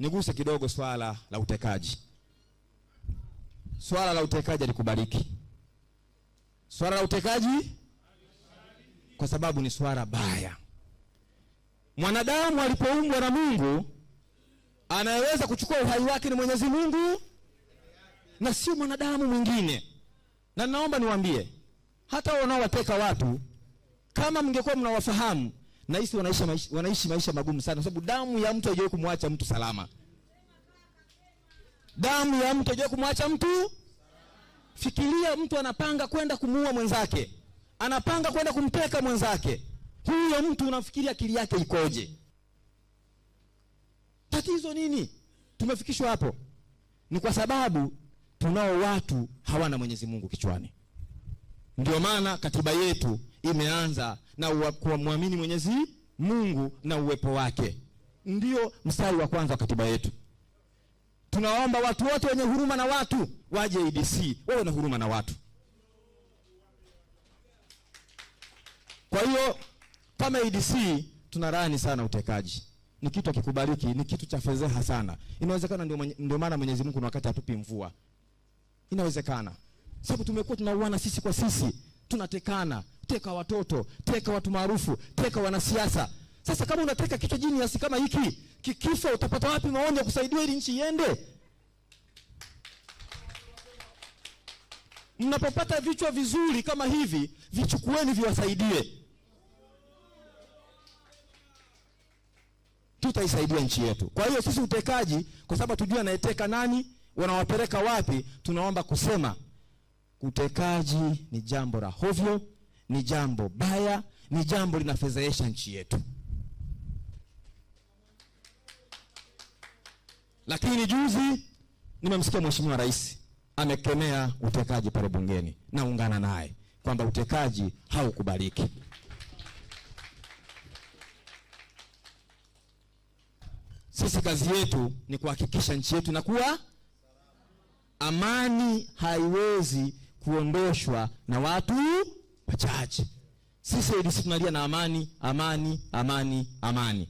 niguse kidogo swala la utekaji. Swala la utekaji alikubariki swala la utekaji kwa sababu ni swala baya. Mwanadamu alipoumbwa na Mungu, anayeweza kuchukua uhai wake ni Mwenyezi Mungu na sio mwanadamu mwingine. Na naomba niwaambie, hata wanaowateka watu, kama mngekuwa mnawafahamu nahisi wanaishi maisha, wanaishi maisha magumu sana, kwa sababu damu ya mtu haijawahi kumwacha mtu salama. Damu ya mtu haijawahi kumwacha mtu. Fikiria, mtu anapanga kwenda kumuua mwenzake, anapanga kwenda kumteka mwenzake. Huyo mtu unafikiri akili yake ikoje? Tatizo nini? Tumefikishwa hapo ni kwa sababu tunao watu hawana Mwenyezi Mungu kichwani. Ndio maana katiba yetu imeanza na kumwamini Mwenyezi Mungu na uwepo wake, ndio mstari wa kwanza wa katiba yetu. Tunaomba watu wote wenye huruma na watu waje ADC, wawe na huruma na watu. Kwa hiyo kama ADC tunalaani sana utekaji, ni kitu akikubaliki, ni kitu cha fedheha sana. Inawezekana ndio maana Mwenyezi Mungu na wakati hatupi mvua, inawezekana sababu tumekuwa tunauana sisi kwa sisi, tunatekana, teka watoto, teka watu maarufu, teka wanasiasa. Sasa kama unateka kichwa jiniasi kama hiki kikifa, utapata wapi maoni ya kusaidia ili nchi iende? Mnapopata vichwa vizuri kama hivi, vichukueni viwasaidie, tutaisaidia nchi yetu. Kwa hiyo sisi utekaji, kwa sababu tujue anayeteka nani, wanawapeleka wapi, tunaomba kusema Utekaji ni jambo la hovyo, ni jambo baya, ni jambo linafedhehesha nchi yetu. Lakini juzi nimemsikia Mheshimiwa Rais amekemea utekaji pale bungeni, naungana naye kwamba utekaji haukubaliki. Sisi kazi yetu ni kuhakikisha nchi yetu inakuwa amani, haiwezi kuondoshwa na watu wachache. Sisi tunalia na amani, amani, amani, amani.